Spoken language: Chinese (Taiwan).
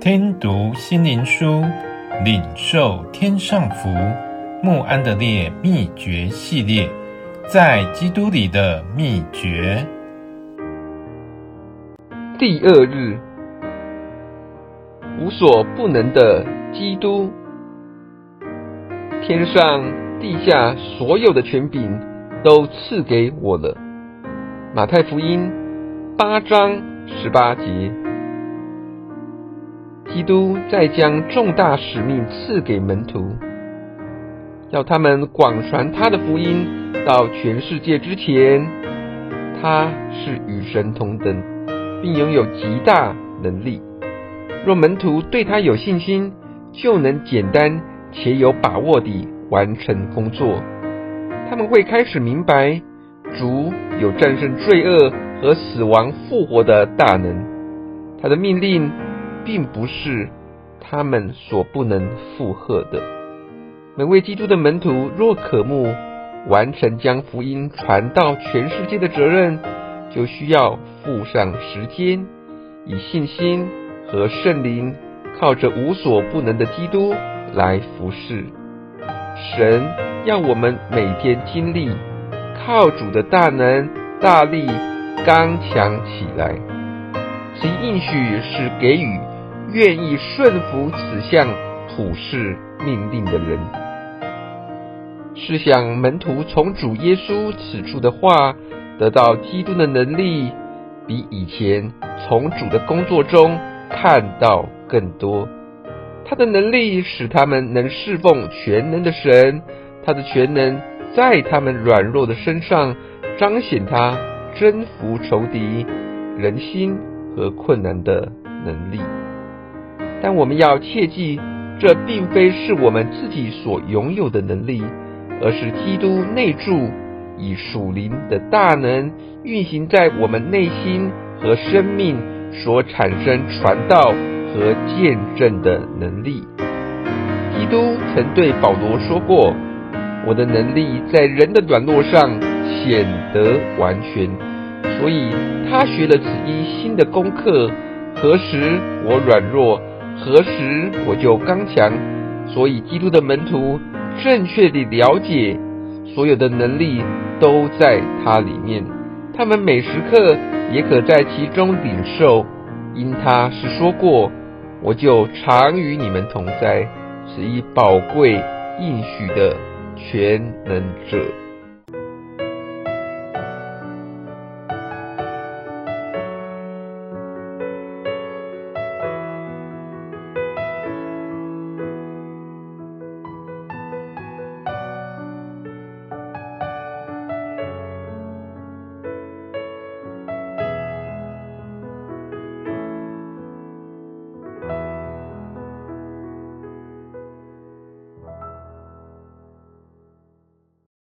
聽讀心靈書，領受天上福。慕安德烈祕訣系列，在基督裡的祕訣。第二日，無所不能的基督，天上地下所有的權柄都賜給我了。馬太福音八章十八節。基督在將重大使命賜給門徒，要他們廣傳他的福音到全世界之前，他是與神同等，並擁有極大能力。若門徒對他有信心，就能簡單且有把握地完成工作。他們會開始明白，主有戰勝罪惡和死亡復活的大能。他的命令，並不是他們所不能負荷的。每位基督的門徒若渴慕完成將福音傳到全世界的責任，就需要付上時間、以信心和聖靈，靠着無所不能的基督來服侍。神要我們每天經歷，靠主的大能大力剛強起來。其應許是給予。願意順服此項普世命令的人。試想門徒從主耶穌此處的話得到基督的能力，比以前從主的工作中看到更多。他的能力使他們能侍奉全能的神，他的全能在他們軟弱的身上彰顯他征服仇敵、人心和困難的能力。但我們要切記，這並非是我們自己所擁有的能力，而是基督內住，以屬靈的大能運行在我們內心和生命，所產生傳道和見證的能力。基督曾對保羅說過：“我的能力在人的軟弱上顯得完全。”所以，他學了此一新的功課。何時我軟弱，何時我就剛強，所以基督的門徒正確地了解，所有的能力都在他裡面，他們每時刻也可在其中領受，因他是說過，我就常與你們同在，此一寶貴應許的全能者。